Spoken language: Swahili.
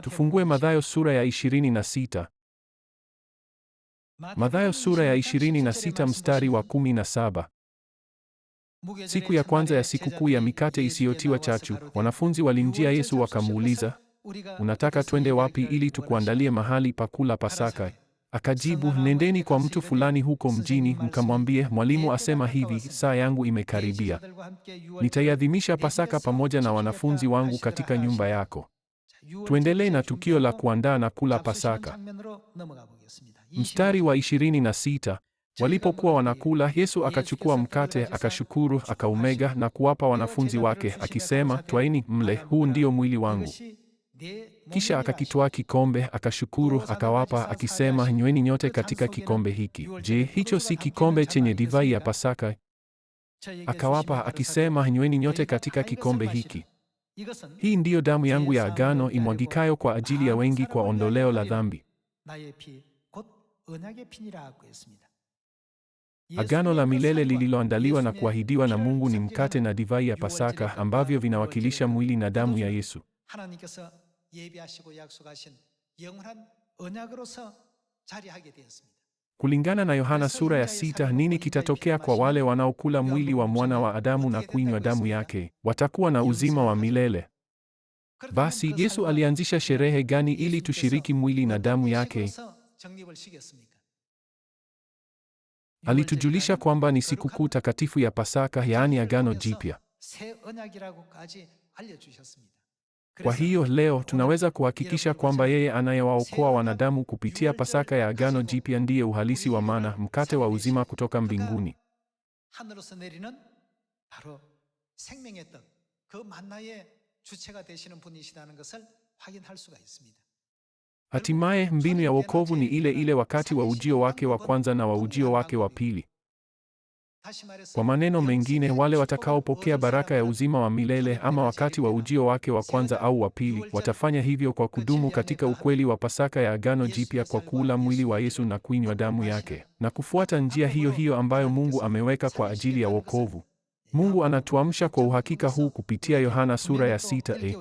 Tufungue Mathayo sura ya 26. Mathayo sura ya 26 mstari wa 17. Siku ya kwanza ya sikukuu ya mikate isiyotiwa chachu, wanafunzi walimjia Yesu wakamuuliza, unataka twende wapi ili tukuandalie mahali pa kula Pasaka? Akajibu, nendeni kwa mtu fulani huko mjini mkamwambie, mwalimu asema hivi, saa yangu imekaribia, nitaiadhimisha Pasaka pamoja na wanafunzi wangu katika nyumba yako. Tuendelee na tukio la kuandaa na kula Pasaka. Mstari wa 26, walipokuwa wanakula, Yesu akachukua mkate, akashukuru, akaumega na kuwapa wanafunzi wake akisema, twaini mle, huu ndio mwili wangu. Kisha akakitwaa kikombe, akashukuru, akawapa akisema, nyweni nyote katika kikombe hiki. Je, hicho si kikombe chenye divai ya Pasaka? Akawapa akisema, nyweni nyote katika kikombe hiki hii ndiyo damu yangu ya agano imwagikayo kwa ajili ya wengi kwa ondoleo la dhambi. Agano la milele lililoandaliwa na kuahidiwa na Mungu ni mkate na divai ya Pasaka ambavyo vinawakilisha mwili na damu ya Yesu. Kulingana na Yohana sura ya sita, nini kitatokea kwa wale wanaokula mwili wa mwana wa Adamu na kuinywa damu yake? Watakuwa na uzima wa milele. Basi Yesu alianzisha sherehe gani ili tushiriki mwili na damu yake? Alitujulisha kwamba ni sikukuu takatifu ya Pasaka, yaani Agano Jipya. Kwa hiyo leo tunaweza kuhakikisha kwamba yeye anayewaokoa wanadamu kupitia Pasaka ya Agano Jipya ndiye uhalisi wa mana, mkate wa uzima kutoka mbinguni. Hatimaye mbinu ya wokovu ni ile ile wakati wa ujio wake wa kwanza na wa ujio wake wa pili. Kwa maneno mengine, wale watakaopokea baraka ya uzima wa milele ama wakati wa ujio wake wa kwanza au wa pili, watafanya hivyo kwa kudumu katika ukweli wa Pasaka ya Agano Jipya kwa kuula mwili wa Yesu na kuinywa damu yake, na kufuata njia hiyo hiyo ambayo Mungu ameweka kwa ajili ya wokovu. Mungu anatuamsha kwa uhakika huu kupitia Yohana sura ya sita e.